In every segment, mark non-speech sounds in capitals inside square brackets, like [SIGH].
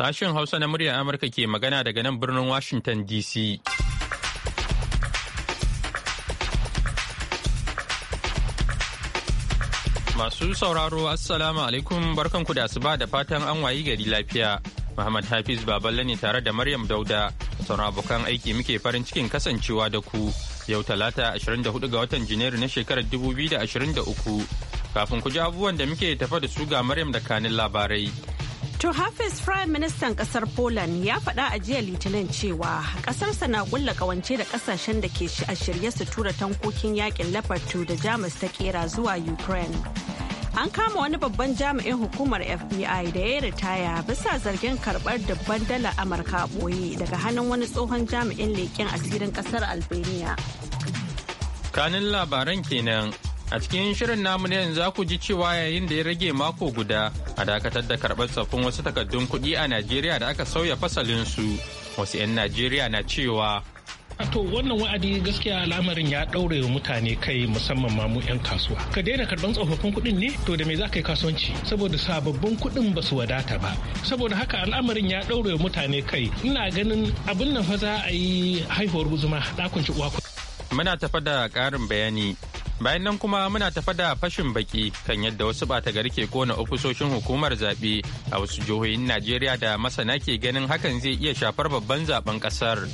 Sashen Hausa na muryar Amurka ke magana daga nan birnin Washington DC. Masu sauraro Assalamu alaikum barkanku da asuba da fatan an wayi gari lafiya. Muhammad Hafiz Baballe ne tare da Maryam Dauda sauran abokan aiki muke farin cikin kasancewa da ku yau talata 24 ga watan Janairu na shekarar 2023 kafin ku ji abubuwan da muke tafa da su ga Maryam da kanin labarai. To Hafiz Prime Ministan kasar Poland ya faɗa a jiya Litinin cewa ƙasarsa na ƙulla ƙawance da ƙasashen da ke shi a shirye su tura tankokin yakin Leopard 2 da Jamus ta kera zuwa Ukraine. An kama wani babban jami'in hukumar FBI da ya ritaya bisa zargin karɓar dubban dala Amurka ɓoye daga hannun wani tsohon jami'in leƙen asirin ƙasar Albania. Kanin labaran kenan A cikin shirin namu na yanzu ku ji cewa yayin da ya rage mako guda a dakatar da karɓar tsaffin wasu takardun kuɗi a Najeriya da aka sauya fasalin su wasu 'yan Najeriya na cewa to wannan wa'adi gaskiya al'amarin ya ɗaure wa mutane kai musamman ma mu 'yan kasuwa ka daina karɓan tsofaffin kuɗin ne to da me za ka yi kasuwanci saboda sababbin kuɗin ba su wadata ba saboda haka al'amarin ya ɗaure wa mutane kai ina ganin abin nan fa za a yi haihuwar guzuma ɗakun ci uwa muna tafa da ƙarin bayani Bayan nan kuma muna tafa da fashin baki kan yadda wasu bata gari ke kona ofisoshin hukumar zaɓe a wasu jihohin Najeriya da masana ke ganin hakan zai iya shafar babban zaben ƙasar.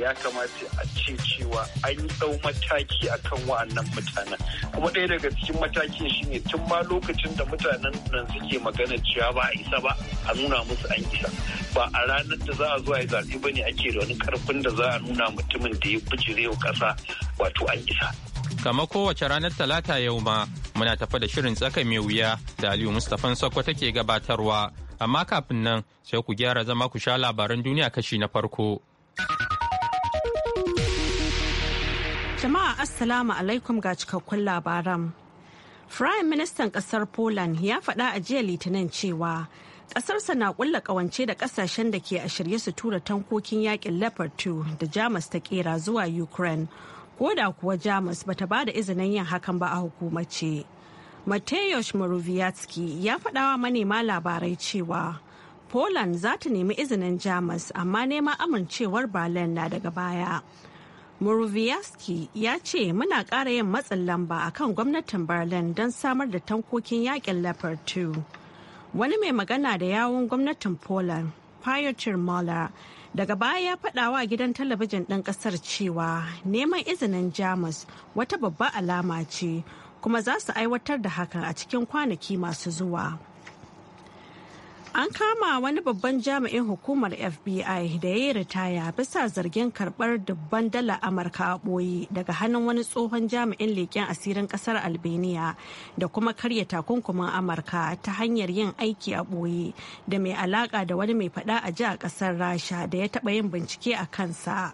ya kamata a ce cewa an yi ɗau mataki a kan wa'annan mutanen kuma ɗaya daga cikin matakin shine tun ma lokacin da mutanen nan suke magana cewa ba a isa ba a nuna musu an isa ba a ranar da za a zo a yi zaɓe ba ne ake da wani karfin da za a nuna mutumin da ya bijirewa ƙasa wato an isa Kama kowace ranar Talata yau ma muna tafa da shirin tsaka mai wuya da Aliyu Mustafan Sokko take gabatarwa. Amma kafin nan sai ku gyara zama ku sha labaran duniya kashi na farko. Jama'a Assalamu alaikum ga cikakkun labaran. Firayim Ministan kasar Poland ya faɗa a jiya Litinin cewa ƙasarsa na ƙulla ƙawance da ƙasashen da ke a shirye su tura tankokin yakin Leopard 2 da Jamus ta kera zuwa Ukraine. ko da kuwa jamus bata ba da izinin yin hakan ba a hukumace mateusz morawiecki ya faɗawa manema labarai cewa poland za ta nemi izinin jamus amma neman amincewar berlin na daga baya Muruviyaski ya ce muna ƙara yin matsin lamba a kan gwamnatin Berlin don samar da tankokin yakin Leopard 2. Wani mai magana da yawun gwamnatin Poland, Piotr Mola. daga baya ya faɗa wa gidan talabijin ɗin ƙasar cewa neman izinin jamus wata babba alama ce kuma za su aiwatar da hakan a cikin kwanaki masu zuwa. An kama wani babban jami'in hukumar FBI da ya yi ritaya bisa zargin karbar dubban dala Amurka a ɓoye daga hannun wani tsohon jami'in leƙen asirin ƙasar Albania da kuma karya takunkumin Amurka ta hanyar yin aiki a ɓoye da mai alaƙa da wani mai faɗa a ji a ƙasar Rasha da ya taɓa yin bincike a kansa.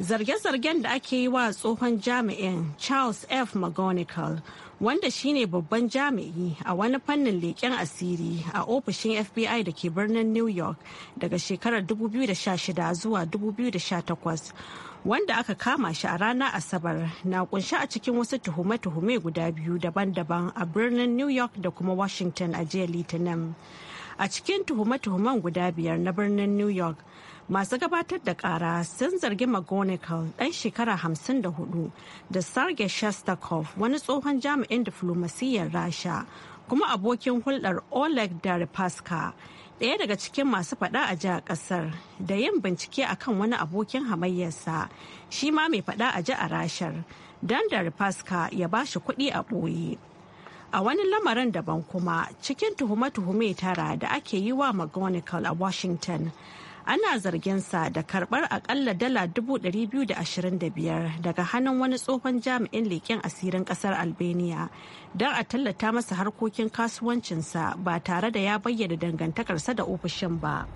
Zarge-zargen da ake yi wa tsohon jami'in Charles F. McGonigal wanda shine babban jami'i a wani fannin leƙen asiri a ofishin fbi da ke birnin new york daga shekarar 2016 zuwa 2018 wanda aka kama shi a ranar asabar na kunshi a cikin wasu tuhume-tuhume guda biyu daban-daban a birnin new york da kuma washington a jiya litinin a cikin tuhume-tuhumen guda biyar na birnin new york masu gabatar da kara sun zargi McGonagall dan shekara 54 da sarge shestakov wani tsohon jami'in diflomasiyyar rasha kuma abokin hulɗar oleg deripaska ɗaya daga cikin masu faɗa a ji a ƙasar da yin bincike akan wani abokin hamayyarsa shi ma mai faɗa a ji a rashar don deripaska ya ba shi kuɗi a ɓoye a wani lamarin daban kuma cikin tuhume-tuhume tara da ake yi wa McGonagall a washington ana zargin da karbar akalla dala biyar daga hannun wani tsohon jami'in leƙen asirin ƙasar albania don a tallata masa harkokin kasuwancinsa ba tare da ya bayyana dangantakarsa da ofishin ba.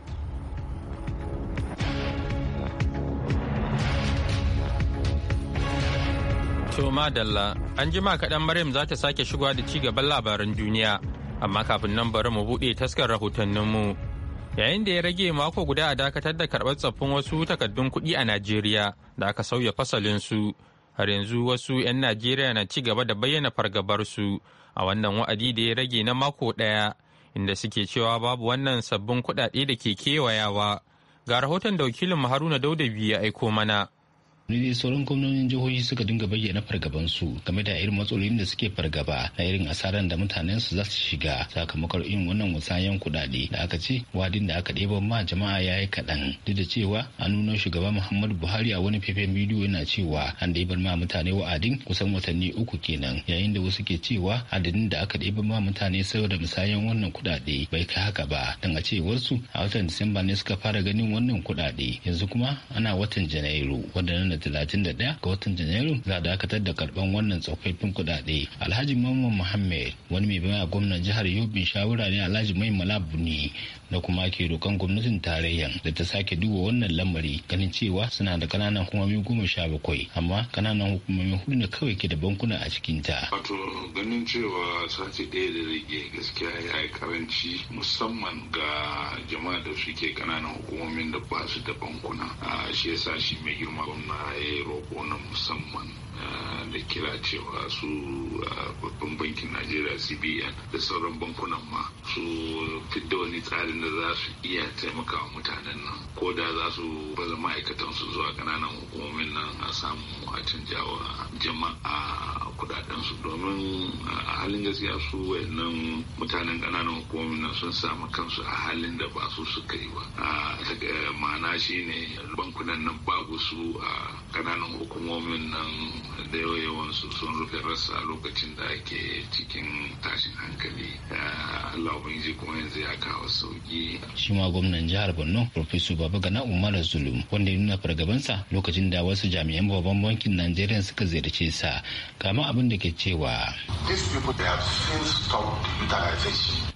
To Dalla, an ma kaɗan Maryam za ta sake shigowa da ci gaban labaran duniya amma kafin nan bari mu buɗe taskar rahotanninmu. mu. yayin da ya rage mako guda a dakatar da karɓar tsaffin wasu takaddun kuɗi a najeriya da aka sauya fasalinsu har yanzu wasu 'yan najeriya na ci gaba da bayyana fargabarsu a wannan wa'adi da ya rage na mako ɗaya inda suke cewa babu wannan sabbin kuɗaɗe da ke kewayawa ga rahoton da wakilin haruna daudabi ya aiko mana ne sauran gwamnonin jihohi suka dinga bayyana fargabansu game da irin matsalolin da suke fargaba na irin asaran da mutanen su za su shiga sakamakon irin wannan musayen kudade da aka ce wadin da aka ɗeba ma jama'a ya yi kaɗan duk da cewa a nuna shugaba muhammadu buhari a wani faifan bidiyo yana cewa an ɗebar ma mutane wa'adin kusan watanni uku kenan yayin da wasu ke cewa adadin da aka ɗeban ma mutane saboda musayen wannan kudade bai kai haka ba don a cewarsu a watan disamba ne suka fara ganin wannan kudade yanzu kuma ana watan janairu waɗannan 31 ga watan janairu za a dakatar da karban wannan tsofaffin kuɗaɗe alhaji mamman muhammed wani mai baya gwamnan jihar yobin shawara ne alhaji mai malabuni na kuma ke roƙon gwamnatin tarayyan da ta sake duba wannan lamari ganin cewa suna da kananan hukumomi goma sha bakwai amma kananan hukumomi hudu ne kawai ke da bankuna a cikin ta. wato ganin cewa sati ɗaya da rage gaskiya ya yi karanci musamman ga jama'a da suke kananan hukumomin da ba su da bankuna a shi yasa shi mai girma gwamna kuma ya yi roƙo na musamman eh, da kira cewa su eh, babban bankin najeriya cbn da sauran bankunan ma su fidda wani tsarin da za su iya taimakawa mutanen nan ko da za su baza ma'aikatan su zuwa kananan hukumomin nan a samu a canjawa jama'a kudaden su domin eh, a halin gaskiya su wayannan mutanen kananan hukumomin nan sun samu kansu a halin da ba su suka yi ba ah, ma'ana shine bankunan nan babu su a kananan hukumomin nan da yawansu sun rufe rasa lokacin da ake cikin tashin hankali Allah ubangiji kuma yanzu ya kawo sauki shi ma gwamnan jihar Borno Professor Gana Umar Zulum wanda ya nuna fargabansa lokacin da wasu jami'an babban bankin Najeriya suka ziyarce sa kama abin da ke cewa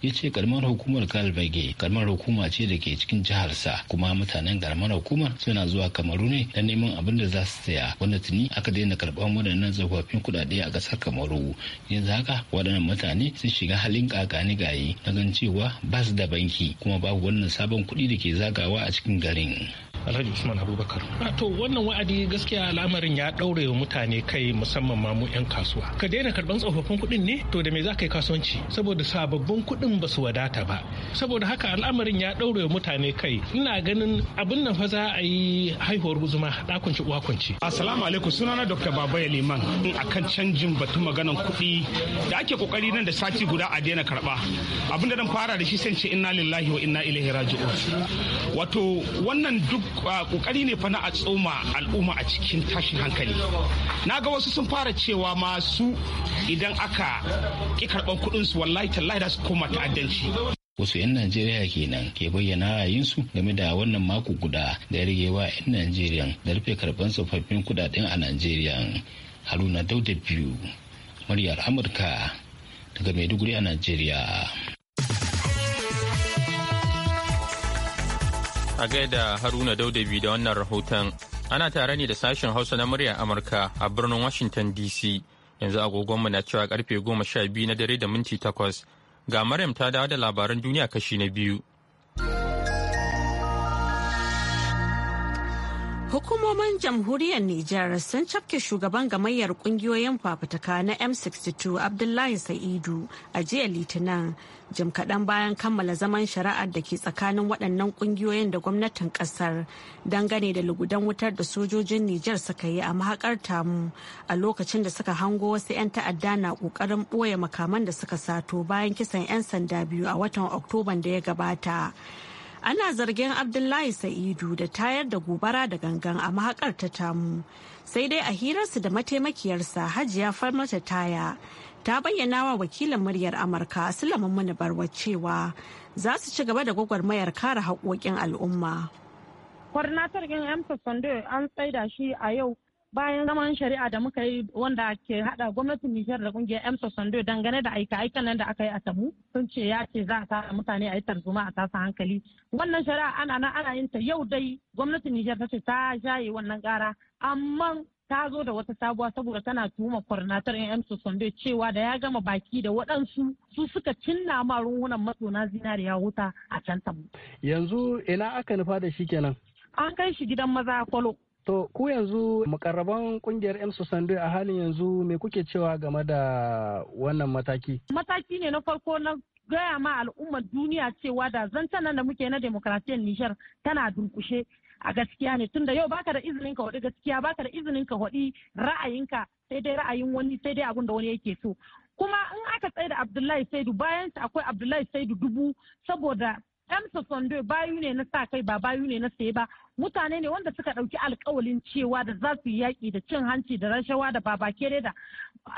ya ce karamar hukumar Kalbage karamar hukuma ce da ke cikin jiharsa kuma mutanen karamar hukumar suna zuwa Kamaru ne don neman abin da za saya wanda tuni aka daina karɓan waɗannan tsofaffin kuɗaɗe a ƙasar kamaru yanzu haka waɗannan mutane sun shiga halin ƙaƙani gayi na gan cewa ba su da banki kuma babu wannan sabon kuɗi da ke zagawa a cikin garin alhaji usman abubakar ah, to wannan wa'adi gaskiya al'amarin ya ɗaure wa mutane kai musamman ma mu 'yan kasuwa ka daina karɓan tsofaffin kuɗin ne to da me za ka yi kasuwanci saboda sababbin kuɗin ba su wadata ba saboda haka al'amarin ya ɗaure wa mutane kai ina ganin abin nan fa za a yi haihuwar guzuma ɗakunci uwa kunci assalamu alaikum sunana dr baba liman in akan canjin batun maganan kuɗi da ake kokari nan da sati guda a daina karɓa abin da dan fara da shi sai ce inna lillahi wa inna ilaihi raji'un wato wannan duk kokari ne fa na a tsoma al'umma a cikin tashin hankali na ga wasu sun fara cewa masu idan aka ki karban kuɗin su wallahi tallahi da su koma ta'addanci wasu 'yan najeriya kenan ke bayyana ra'ayinsu game da wannan mako guda da ya rigewa wa 'yan najeriya da rufe karban tsofaffin kudaden a najeriya haruna dauda biyu muryar amurka daga maiduguri a najeriya a gaida Haruna Daudabi da wannan rahoton. Ana tare ne da sashen Hausa na muryar Amurka a birnin Washington DC. Yanzu agogonmu na cewa karfe goma sha biyu na dare da minti takwas. Ga Maryam ta dawo da labaran duniya kashi na biyu. Hukumomin jamhuriyar Nijar sun cafke shugaban gamayyar kungiyoyin fafutuka na M62 Abdullahi Sa'idu a jiya Litinin jim kaɗan bayan kammala zaman shari'ar da ke tsakanin waɗannan kungiyoyin da gwamnatin ƙasar dangane da lugudan wutar da sojojin Nijar suka yi a mahakar tamu a lokacin da suka hango wasu 'yan ta'adda na ƙoƙarin ɓoye makaman da suka sato bayan kisan 'yan sanda biyu a watan Oktoban da ya gabata. ana zargin abdullahi sa'idu da tayar da gobara da gangan a mahakar ta tamu sai dai a hirarsu da mataimakiyarsa hajiya farmata taya ta bayyana wa wakilin muryar amurka sulaiman mana barwa cewa za su ci gaba da gwagwarmayar kare haƙoƙin al'umma. kwarnatar yan amsa sando an tsaida shi a yau bayan zaman shari'a da muka yi wanda ke hada gwamnatin Nijar da kungiyar Emsa Sando dangane da aika-aikan nan da aka yi a Tamu sun ce ya ce za a tara mutane a yi tarzoma a tasa hankali. Wannan shari'a ana nan ana yin ta yau dai gwamnatin Nijar ta ce ta jaye wannan kara amma ta zo da wata sabuwa saboda tana tuhuma kwarnatar yan emso sonde cewa da ya gama baki da waɗansu su suka cinna ma runhunan matsona zinariya wuta a can tamu. yanzu ina aka nufa da shi kenan an kai shi gidan maza kwalo To ku yanzu makarraban kungiyar M Sandu a halin yanzu me kuke cewa game da wannan mataki? Mataki ne na farko na gaya ma al'ummar duniya cewa da zancen nan da muke na demokratiyyar nishar tana durkushe a gaskiya ne tunda yau baka da izinin ka waɗi gaskiya baka da izinin ka ra'ayinka sai dai ra'ayin wani sai dai abin da wani yake so kuma in aka tsaye da Abdullahi Saidu bayan akwai Abdullahi Saidu dubu saboda 'yan sosondo bayu ne na sa kai ba bayu ne na saye ba mutane ne wanda suka ɗauki alkawalin cewa da za su yi yaƙi da cin hanci da rashawa da babakere da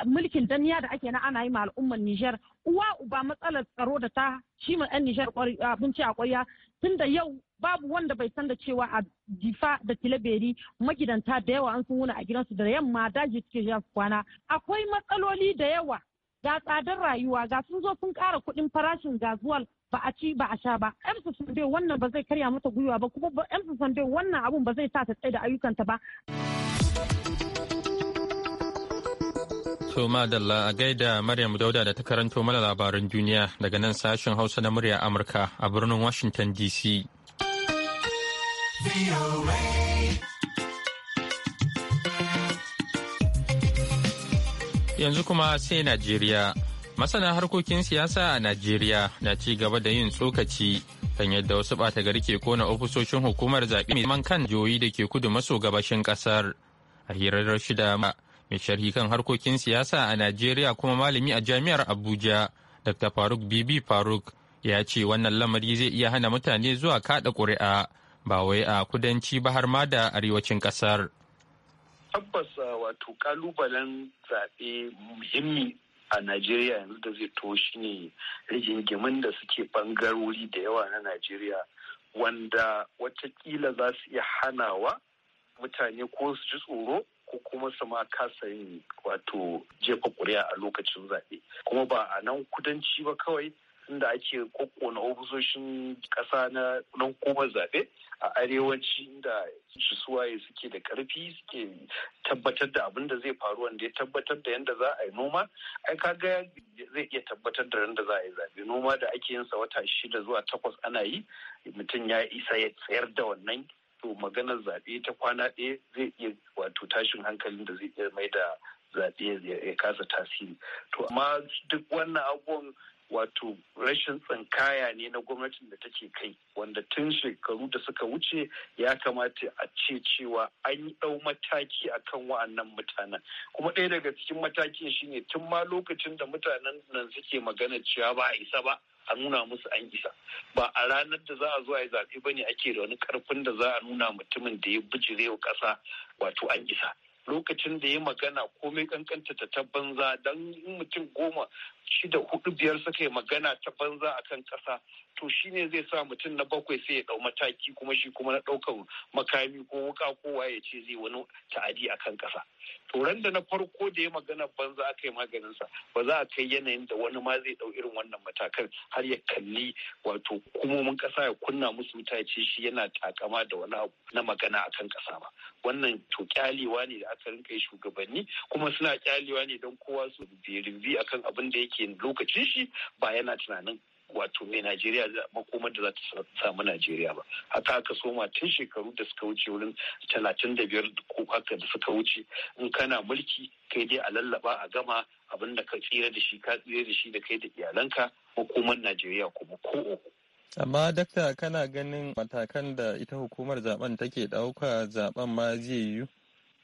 mulkin danniya da ake na ana yi ma al'ummar Nijar uwa uba matsalar tsaro da ta shi ma 'yan Nijar abinci a ƙwarya tun da yau babu wanda bai san da cewa a difa da tilaberi magidanta da yawa an sun wuna a gidansu da yamma daji suke kwana akwai matsaloli da yawa ga tsadar rayuwa ga sun zo sun kara kuɗin farashin gazuwal ba a ci ba a sha ba emsa sande wannan ba zai karya mata gwiwa ba kuma emsa sande wannan abun ba zai sa ta tsaye da ayyukanta ba toma Dalla a gaida maryam dauda da ta karanto mana labaran duniya daga nan sashen hausa na murya amurka a birnin washington dc yanzu kuma sai najeriya Masana harkokin siyasa a Najeriya na ci gaba da yin tsokaci kan yadda wasu ɓata gari ke kona ofisoshin hukumar zaɓe mai kan jihohi da ke kudu maso gabashin ƙasar. A hirar shida ma mai sharhi kan harkokin siyasa a Najeriya kuma malami a jami'ar Abuja, Dr. Faruk Bibi Faruk ya ce wannan lamari zai iya hana mutane zuwa kaɗa ƙuri'a ba wai a kudanci ba har ma da arewacin ƙasar. Tabbas wato ƙalubalen zaɓe muhimmi a najeriya yanzu da zai toshi ne rigingimin da suke bangarori da yawa na najeriya wanda watakila za su iya hanawa mutane ko su ji tsoro ko kuma su ma kasa yin wato jefa ƙuri'a a lokacin zaɓe kuma ba a nan kudanci ba kawai da ake kokkona ofisoshin kasa na hukumar zaɓe a arewaci inda su suwaye suke da ƙarfi suke tabbatar da abin da zai faru wanda ya tabbatar da yadda za a yi noma ai kaga zai iya tabbatar da yadda za a yi zaɓe noma da ake yin sa wata shida zuwa takwas ana yi mutum ya isa ya tsayar da wannan to maganar zaɓe ta kwana ɗaya zai iya wato tashin hankalin da zai iya mai da zaɓe ya kasa tasiri to amma duk wannan abubuwan wato rashin tsinkaya ne na gwamnatin da take kai wanda tun shekaru da suka wuce ya kamata a ce cewa an yi ɗau mataki a kan wa'annan mutanen kuma ɗaya daga cikin matakin shine tun ma lokacin da mutanen nan suke magana cewa ba a isa ba a nuna musu an isa ba a ranar da za a zo a yi zaɓe ba ne ake da wani karfin da za a nuna mutumin da ya bijirewa ƙasa wato an isa lokacin da ya magana komai kankanta ta ta banza don mutum goma shida hudu biyar suka yi magana ta banza akan ƙasa to shine zai sa mutum na bakwai sai ya dau mataki kuma shi kuma na ɗaukar makami ko wuka kowa ya ce zai wani ta'adi a kan ƙasa to ran da na farko da ya magana banza aka yi sa ba za a kai yanayin da wani ma zai dau irin wannan matakan har ya kalli wato hukumomin kasa ya kunna musu wuta ce shi yana takama da wani abu na magana a kan ƙasa ba wannan to kyalewa ne da aka rinka yi shugabanni kuma suna kyalewa ne don kowa su a akan abin da yake lokacin shi ba yana tunanin wato mai najeriya makomar da za ta samu najeriya ba haka aka soma tun shekaru da suka wuce wurin talatin da biyar ko haka da suka wuce in kana mulki kai dai a lallaba a gama abin da ka tsira da shi ka tsira da shi da kai da iyalanka makomar najeriya kuma ko amma dakta kana ganin matakan da ita hukumar zaben take dauka zaben ma zai yiwu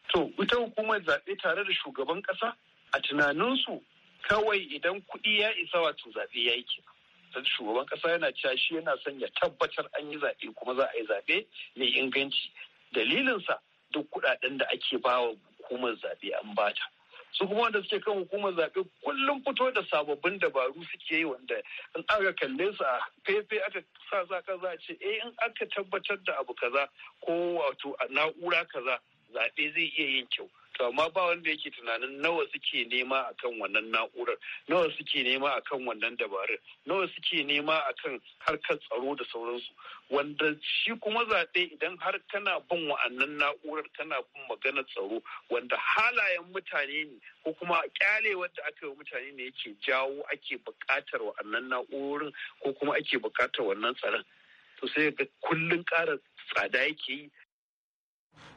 to ita hukumar zaɓe tare da shugaban ƙasa a tunaninsu kawai idan kuɗi ya isa wato zaɓe ya yi kenan shugaban kasa yana cewa shi yana son ya tabbatar an yi zaɓe kuma za a yi zaɓe mai inganci dalilinsa duk kuɗaɗen da ake bawa hukumar zaɓe an bata su kuma wanda suke kan hukumar zaɓe kullum fito da sababbin dabaru suke yi wanda in aka kalle su a fefe aka sa za ka za ce eh in aka tabbatar da abu kaza ko wato a na'ura kaza zaɓe zai iya yin kyau to amma ba wanda yake tunanin nawa suke nema akan wannan na'urar nawa suke nema akan wannan dabarun nawa suke nema akan harkar tsaro da sauransu wanda shi kuma zaɓe idan har kana bin wa'annan na'urar kana bin maganar tsaro wanda halayen mutane ne ko kuma kyale wanda aka yi mutane ne yake jawo ake buƙatar wa'annan na'urorin ko kuma ake buƙatar wannan tsaron to sai ga kullun ƙara tsada yake yi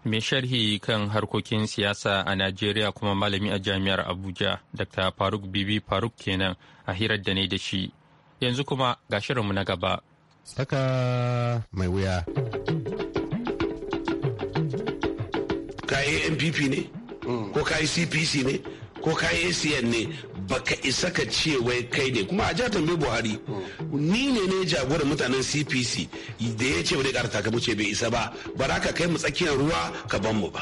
Mai sharhi kan harkokin siyasa a Najeriya kuma malami a jami'ar Abuja, Dr. Faruk Bibi Faruk kenan a hirar da ne da shi. Yanzu kuma ga shirinmu na gaba. Saka mai wuya. Ka yi NPP mm. ne, ko ka yi CPC ne, ko ka yi ACN ne, baka isa ka ce wai kai ne kuma a jihar tambayi buhari ni ne ne jagoran mutanen cpc da ya ce bai kara takamu ce bai isa ba bara ka kai mu tsakiyar ruwa ka ban mu ba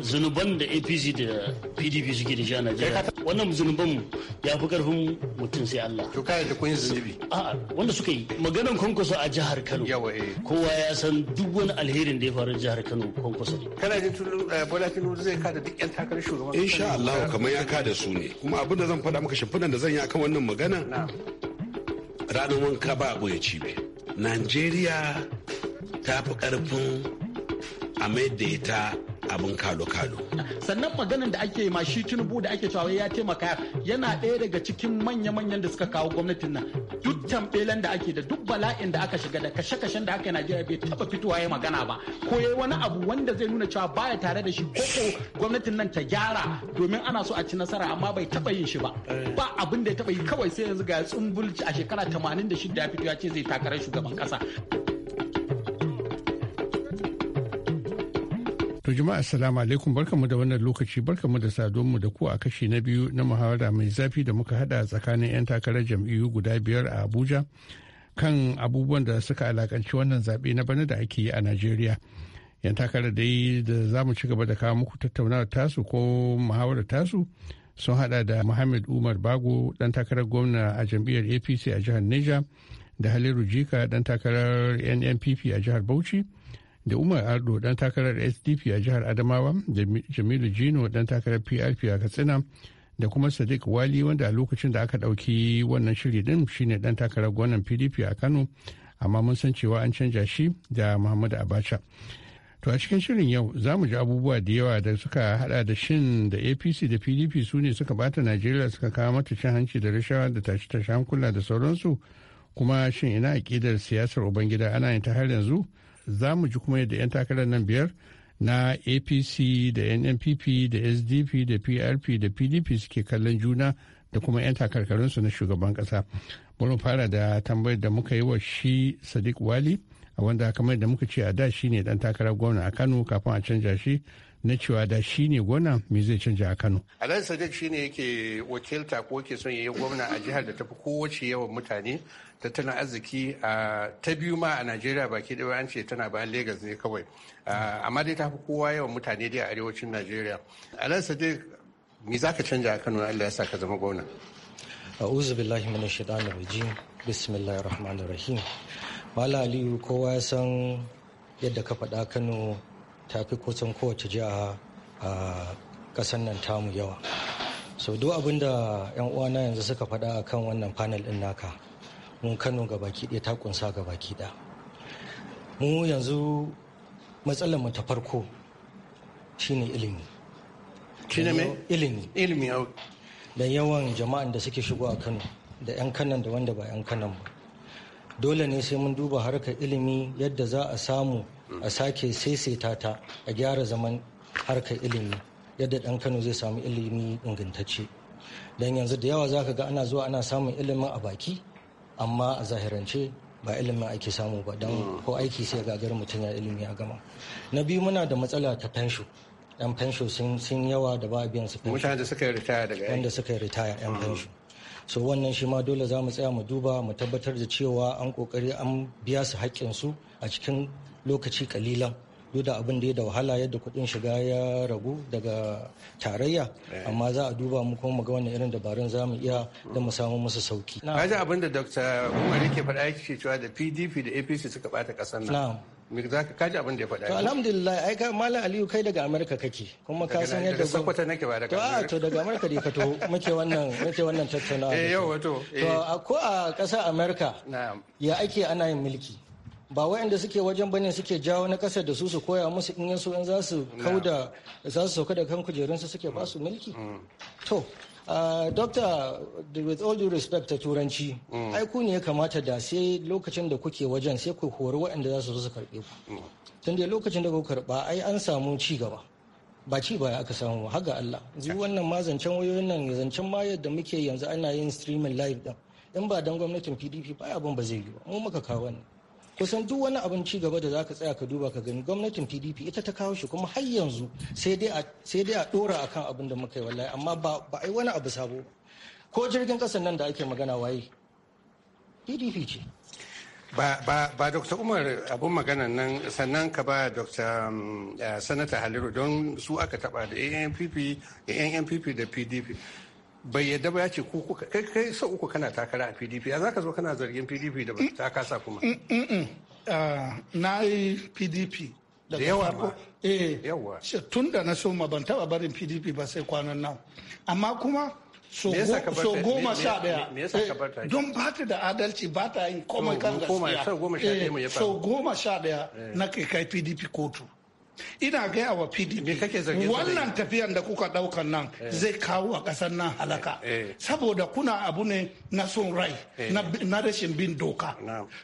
zunuban da apc da pdp suke da shi a najeriya wannan zunuban ya fi karfin mutum sai allah to kai da kun zunubi a'a wanda suka yi maganan kwankwaso a jihar kano eh. kowa ya san duk wani alherin da ya faru jihar kano kwankwaso ne kana jin eh, bola tinubu zai kada duk yan takarar shugaban insha allah kamar ya kada su ne kuma abin da zan zan faɗa maka shimfiɗan da zan yi akan wannan magana ranar wanka ba abu ya cibe najeriya ta fi ƙarfin a da ita abin kalo-kalo. Sannan maganin da ake ma shi da ake cewa ya taimaka yana ɗaya daga cikin manya-manyan da suka kawo gwamnatin nan. Duk tamɓelen da ake da duk bala'in da aka shiga da kashe-kashen da aka yi Najeriya bai taɓa fitowa ya magana ba. Ko yayi wani abu wanda zai nuna cewa baya tare da shi ko ko gwamnatin nan ta gyara domin ana so a ci nasara amma bai taɓa yin shi ba. Ba abin da ya taɓa yi kawai sai yanzu ga ya tsumbulci a shekara 86 ya fito ya ce zai takarar shugaban kasa. To jama'a assalamu alaikum barkamu da wannan lokaci barkamu da saduwanmu da ku a kashi na biyu na muhawara mai zafi da muka hada tsakanin 'yan takarar jam'iyyu guda biyar a Abuja kan abubuwan da suka alakanci wannan zaɓe na bana da ake yi a Najeriya. 'Yan takarar dai da za mu ci gaba da kawo muku tattaunawa tasu ko muhawarar tasu sun hada da Muhammad Umar Bago dan takarar gwamna a jam'iyyar APC a jihar Neja da Haliru Jika dan takarar NNPP a jihar Bauchi. da umar ardo dan takarar sdp a jihar adamawa jamilu jino dan takarar prp a katsina da kuma sadiq wali wanda a lokacin da aka dauki wannan shiri din shine dan takarar gwanan pdp a kano amma mun san cewa an canja shi da muhammadu abacha to a cikin shirin yau za mu ji abubuwa da yawa da suka hada da shin da apc da pdp su ne suka bata najeriya suka kawo mata cin hanci da rashawa da tashi tashi hankula da sauransu kuma shin ina aƙidar siyasar ubangida ana yin ta har yanzu za mu ji kuma yadda 'yan takarar nan biyar na apc da nnpp da sdp da prp da pdp suke kallon juna da kuma 'yan takarkarinsu na shugaban kasa bari fara da tambayar da muka yi wa shi sadiq wali a wanda kamar da muka ce a da shi ne dan takarar gwamna a kano kafin a canja shi na cewa da shi ne gwamna me zai canja a Kano. Alhaji Sadiq shi ne yake wakilta ko ke son yayi gwamna a jihar da tafi kowace yawan mutane tattalin arziki a ta biyu ma a Najeriya baki ɗaya an ce tana bayan Legas ne kawai. Amma dai ta fi kowa yawan mutane dai a arewacin Najeriya. Alhaji Sadiq me za ka canja a Kano Allah ya sa ka zama gwamna. A'udhu billahi minash shaitanir rajim. Bismillahir rahmanir rahim. Mala Aliyu kowa ya san yadda ka faɗa Kano ta fi kusan kowace jiha a kasan nan tamu yawa so duk abin da 'yan uwana yanzu suka faɗa a kan wannan panel ɗin naka mun kano ga baki ɗaya ta kunsa ga baki ɗaya mu yanzu matsalar mu ta farko shine ilimi shine ilimi ilimi da yawan jama'an da suke shigo a kano da 'yan kanan da wanda ba 'yan kanan ba dole ne sai mun duba harkar ilimi yadda za a samu a sake saisaita ta a gyara zaman harkar ilimi yadda ɗan kano zai samu ilimi ingantacce don yanzu da yawa za ka ga ana zuwa ana samun ilimin a baki amma a zahirance ba ilimin ake samu ba don ko aiki sai gagar mutum ya ilimi ya gama na biyu muna da matsala ta fensho yan fensho sun yawa da ba biyan su ritaya daga wanda suka yi ritaya yan fensho so wannan shi ma dole za mu tsaya mu duba mu tabbatar da cewa an kokari an biya su haƙƙinsu a cikin lokaci kalilan duk da abin da ya da wahala yadda kuɗin shiga ya ragu daga tarayya eh. amma za a duba mu kuma ga wannan irin dabarun za mu iya da mu samu musu sauki. Na ji abin da Dr. Umar yake faɗa yake cewa da PDP da APC suka ɓata ƙasar nan. me ka kaji abin da ya faɗa to alhamdulillah ai ka malam aliyu kai daga amurka kake kuma ka san yadda daga sakwata nake ba daga ah, amurka to daga amurka dai ka to muke wannan muke wannan tattaunawa [LAUGHS] eh yau wato to eh. ko a ƙasar amurka ya ake ana yin mulki ba waɗanda suke wajen bane suke jawo na ƙasar da su su koya musu in su in za su kauda za su sauka da kan kujerunsu suke ba su mm. mulki mm. to Uh, doctor with all due respect ta turanci mm. ai ku ne ya kamata da sai lokacin da kuke wajen sai ku hori waɗanda za su zo su karɓe ku tun da lokacin da ku karɓa ai an samu ci gaba ba ci baya aka samu haga Allah zuwa wannan ma zancen wayoyin nan zancen ma yadda muke yanzu ana yin streaming live din in ba dan gwamnatin PDP ba abin ba zai yi ba mu muka kawo wannan kusan duk wani abin ci gaba da zaka tsaya ka duba ka gani gwamnatin pdp ita ta kawo shi kuma har yanzu sai dai a dora akan abin da muka yi wallahi amma ba a yi wani abu sabo ko jirgin kasan nan da ake magana waye pdp ce ba ba dr umar abun magana nan sannan ka ba dr um, eh, sanata haliru don su aka taba da anpp da pdp bai yadda ba ya ce ku kai kai sau uku kana takara a pdp a za ka zo kana zargin pdp da ta kasa kuma mm, mm, mm, ah, na yi pdp da yawa ba eh tun da na so ma ban taba barin pdp ba sai kwanan nan amma kuma so goma sha daya eh, don ba ta da adalci ba ta yin komai oh, kan gaskiya so goma sha daya eh, eh. na kai kai pdp kotu ina gaya wa pdp wannan tafiyan da kuka daukan nan eh. zai kawo a ƙasar nan halaka eh, eh. saboda kuna abu ne na son rai na rashin bin doka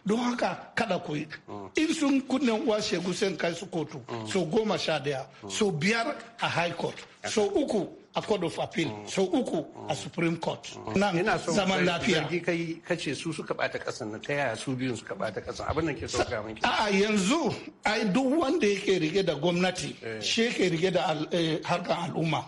don haka kada ku oh. in sun kunnen uwa shegu sai kai su kotu oh. so goma sha daya oh. so biyar a high court so uku a court of appeal sau uku a supreme court nan zaman lafiya zargi kai kace su suka bata kasan nan kai yaya su biyun suka bata kasan abin nan ke so miki a yanzu ai duk wanda yake rige da gwamnati eh. shi yake rige da eh, harkan al'umma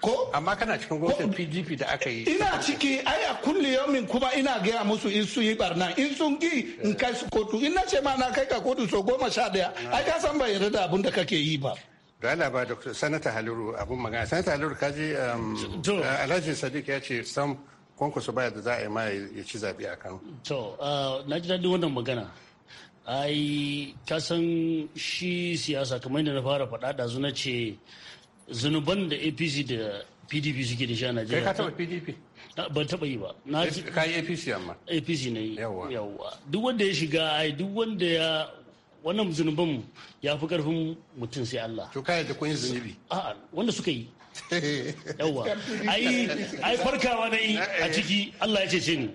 ko amma kana cikin gwamnatin pdp da aka yi ina ciki ai a kulle yomin kuma ina gaya musu in sun yi barna in sun gi in eh. kai su kotu in na ce ma na kai ka kotu so goma sha daya ai ka san bai yarda da abin da kake yi ba da Allah ba da sanata haliru abun magana sanata haliru kaji um, uh, alhaji sadiq ya ce sam kwankwaso baya da za a yi ma ya ci zaɓe a kan. to uh, na ji daɗin wannan magana ai ka san shi siyasa kamar yadda na fara faɗa da zuna ce zunuban da apc da pdp suke da shi a najeriya kai ka taɓa pdp ban taɓa yi ba ka yi apc amma apc ne yawwa duk wanda ya shiga ai duk wanda ya wannan zunubin ya fi karfin mutum sai Allah to kai da kun yi zunubi a'a wanda suka yi [LAUGHS] yawa ai ai farkawa na yi a eh, eh. ciki Allah ya cece ni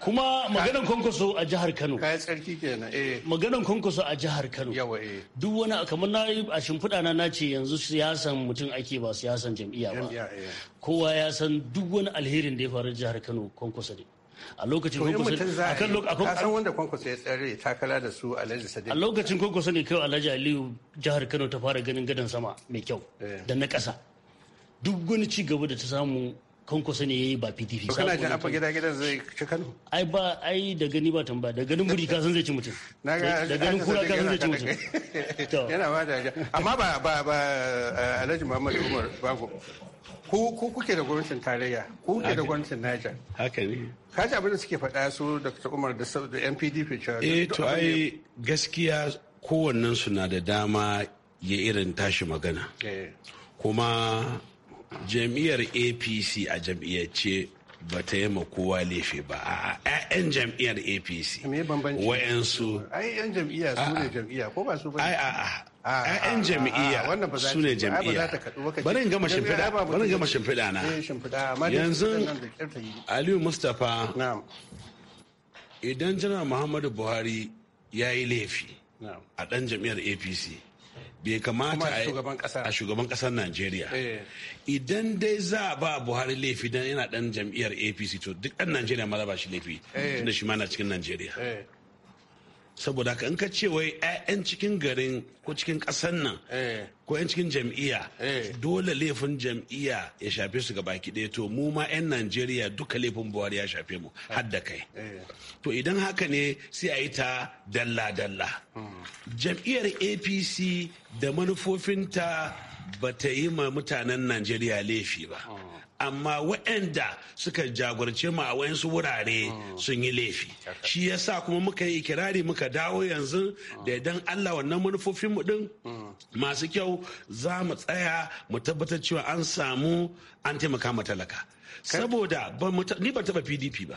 kuma maganan kwankwaso a jihar Kano kai tsarki kenan eh maganan kwankwaso a jihar Kano Yawwa eh duk wani kamar na a shimfiɗa na nace yanzu siyasan mutum ake ba siyasan jam'iyya ba eh. kowa ya san duk wani alherin da ya faru jihar Kano kwankwaso ne a lokacin kwankwaso a kan lokacin wanda kwankwaso ya tsare takala da su alhaji sadiq a lokacin kwankwaso ne kai alhaji aliyu jihar kano ta fara ganin gadon sama mai kyau eh. da na ƙasa duk wani ci gaba da ta samu kusa ne yi ba pdp kana jin afa gida gidan zai ci kano ai ba ai da gani ba tamba da ganin buri kasan zai ci mutum da ganin kura kasan zai ci mutum [LAUGHS] yana ba da amma ba ba ba eh, alhaji muhammad umar bago ku ku kuke da gwamnatin tarayya ku kuke da gwamnatin Niger haka ne kaji abin da suke faɗa su Dr. Umar da da NPDP cewa eh to ai gaskiya kowannen su na da dama ya irin tashi magana eh. kuma jam'iyyar apc a jam'iyyace ba ta yi kowa laifi ba a 'yan jam'iyyar apc wa'yansu ai 'yan su jam'iyya su a 'yan jam'iyya su ne jam'iyya barin gama shimfiɗa barin gama shimfiɗa na eh, yanzu aliyu mustapha idan janar muhammadu buhari ya yi laifi a ɗan jam'iyyar apc bai kamata a shugaban kasar najeriya eh. idan dai za a ba buhari laifi dan yana dan jam'iyyar apc to duk dan najeriya ma ba shi laifi eh. tunda shi ma na cikin najeriya eh. saboda ka in ka ce wai 'ya'yan cikin garin ko cikin ƙasar nan eh. ko 'yan cikin jam'iyya eh. dole laifin jam'iyya ya shafe su gaba ɗaya to mu ma 'yan najeriya duka laifin buhari ya shafe mu har da kai eh. to idan haka ne sai a yi ta dalla-dalla hmm. jam'iyyar apc da manufofinta ba ta yi ma mutanen najeriya laifi ba hmm. amma waɗanda suka jagorce mu a wayansu wurare hmm. sun yi laifi shi yasa kuma muka yi ikirari muka dawo yanzu hmm. da idan Allah wannan manufofin mu din hmm. masu kyau za mu tsaya mu tabbatar cewa an samu an taimaka ma talaka saboda ni ban taba pdp ba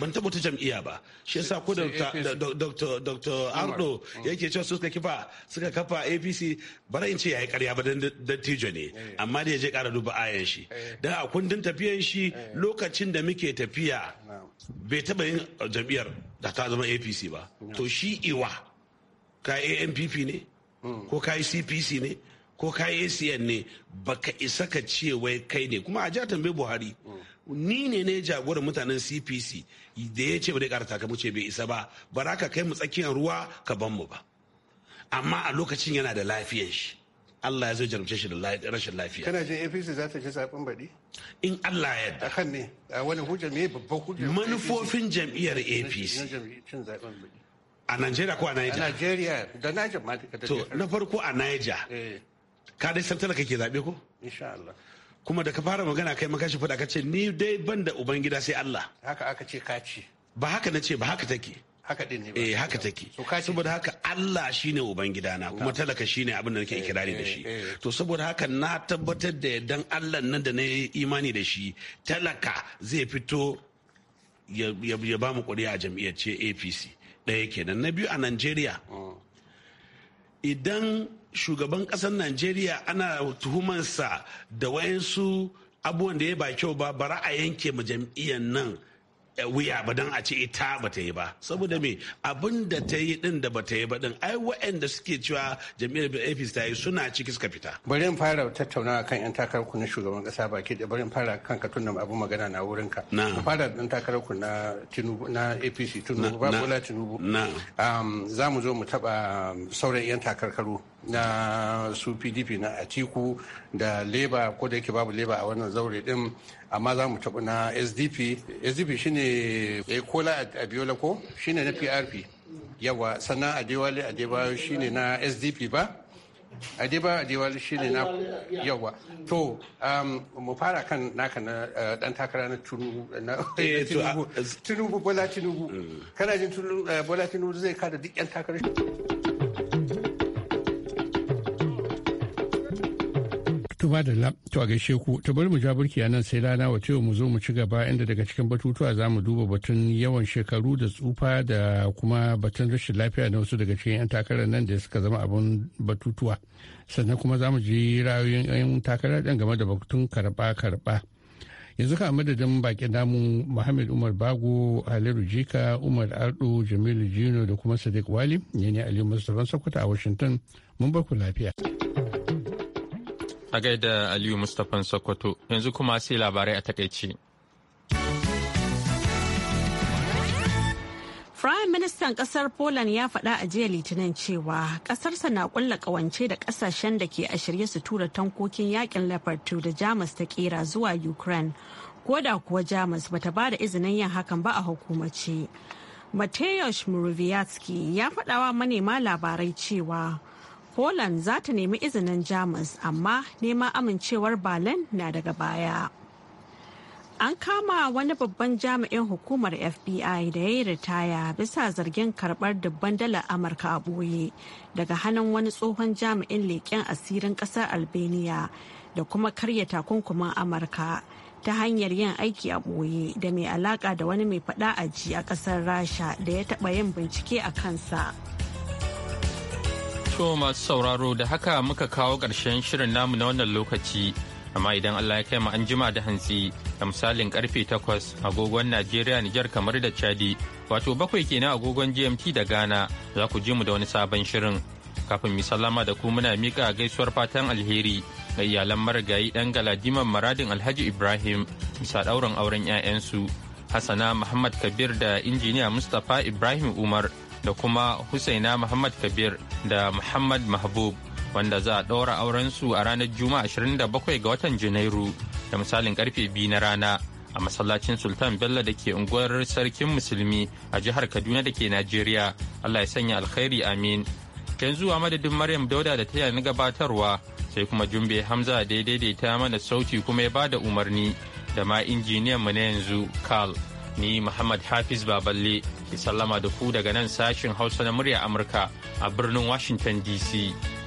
ban taba ta jam'iyya ba shi yasa ko dr ardo mm. yake cewa suka kifa suka kafa apc bara in ce yayi karya ba dan dattijo ne eh. amma da je kara duba ayan shi eh. dan a kundin tafiyan shi eh. lokacin da muke tafiya bai taba yin uh, jam'iyyar da ta zama apc ba to shi iwa ka ampp ne mm. ko ka cpc ne ko ka ACN ne baka isa ka ce wai kai ne kuma a ja tambayi Buhari ni ne ne jagoran mutanen CPC da ya ce bai karata ka muce bai isa ba bara ka kai mu tsakiyar ruwa ka ban mu ba amma a lokacin yana da lafiyar shi Allah ya zo jarumce shi da rashin lafiya. Kana jin APC za ta ji zaben baɗi? In Allah ya yarda. Akan ne, a wani hujja me babban hujja? Manufofin jam'iyyar APC. A Najeriya ko a Niger? A Najeriya da Niger ma. To na farko a Niger. Eh. ka dai san talaka ke zaɓe ko insha Allah kuma da ka fara magana kai maka shi faɗa ka ce ni dai ban da ubangida sai Allah haka aka ce ka ce ba haka na ce ba haka take haka din ne eh haka take saboda haka Allah shine ubangida na kuma talaka shine abin da nake eh, ikirari da eh, shi eh. to saboda haka na tabbatar da dan Allah nan da na yi imani da shi talaka zai fito ya ba mu kuri'a a jam'iyyar ce APC ɗaya kenan na biyu a Najeriya oh. idan shugaban ƙasar najeriya ana tuhumansa da wayansu abubuwan da ya ba kyau ba bara a yanke ma jam'iyyar nan eh, wuya ba don a ce ita ba ta yi ba saboda me abin da ta yi din da ba ta yi ba din ai waɗanda suke cewa jam'iyyar apc ta yi suna ciki suka fita bari in fara tattaunawa kan yan takarar ku na shugaban kasa baki da bari in fara kan ka tunna abu magana na wurin ka na fara dan takarar ku na tinubu na apc tinubu ba bola tinubu na za mu zo mu taba sauran yan takarkaru na su pdp na atiku da leba ko da yake babu leba a wannan zaure din amma za mu taɓa na sdp sdp shine eh, kola biyola ko shine na prp yawa sannan adewale adebayo shine na sdp ba adeba adewale shine na yawa to um, mu fara kan naka na dan eh, takara na tunubu eh, [LAUGHS] bola tunubu mm. kana jin bola tunubu zai kada duk yan takarar da la, to a gaishe ku, to bari mu ja burki a nan sai rana wa mu zo mu ci gaba inda daga cikin batutuwa za mu duba batun yawan shekaru da tsufa da kuma batun rashin lafiya na wasu daga cikin 'yan takarar nan da suka zama abun batutuwa. Sannan kuma za mu ji ra'ayoyin 'yan takarar ɗan game da batun karɓa-karɓa. Yanzu ka madadin bakin namu Muhammad Umar Bago, aliru Jika, Umar Ardo, Jamilu Jino da kuma Sadiq Wali, ne ne Aliyu Mustapha Sokoto a Washington. Mun bar ku lafiya. A gaida Aliyu Mustapha Sokoto yanzu kuma sai labarai a takaice. Prime Ministan kasar Poland ya faɗa a jiya Litinin cewa ƙasarsa na ƙulla ƙawance da ƙasashen da ke a shirye su tura tankokin yakin Leopard 2 da Jamus ta kera zuwa Ukraine, ko da kuwa Jamus bata ba da izinin yin hakan ba a hukumace. Mateusz Morawiecki ya faɗawa manema labarai cewa Poland za ta nemi izinin Jamus amma neman amincewar Berlin na daga baya. An kama wani babban jami'in hukumar FBI da ya yi ritaya bisa zargin karbar dubban dalar Amurka a ɓoye daga hannun wani tsohon jami'in leƙen asirin ƙasar Albania da kuma karya takunkumin Amurka ta hanyar yin aiki a ɓoye da mai alaƙa da wani mai faɗa aji a ƙasar Rasha da ya taɓa yin bincike a kansa. To masu sauraro da haka muka kawo ƙarshen shirin namu na wannan lokaci. Amma idan Allah ya kai mu an jima da hantsi da misalin karfe takwas agogon Najeriya Nijar kamar da Chadi wato bakwai kenan agogon GMT da Ghana za ku ji mu da wani sabon shirin. Kafin mi sallama da ku muna miƙa gaisuwar fatan alheri ga iyalan marigayi ɗan galadiman maradin Alhaji Ibrahim musa ɗaurin auren 'ya'yansu. Hassana Muhammad Kabir da injiniya Mustapha Ibrahim Umar da kuma Husaina Muhammad Kabir da Muhammad Mahbub wanda za a ɗaura su a ranar Juma'a 27 ga watan Janairu da misalin karfe biyu na rana a masallacin Sultan Bello da ke unguwar Sarkin Musulmi a jihar Kaduna da ke Najeriya. Allah ya sanya alkhairi amin. Yanzu a madadin Maryam Dauda da ta na gabatarwa sai kuma Jumbe Hamza da ya daidaita mana sauti kuma ya bada umarni da ma injiniyan mu na yanzu Karl ni Muhammad Hafiz Baballe Ki sallama da ku daga nan sashin Hausa na murya Amurka a birnin Washington DC.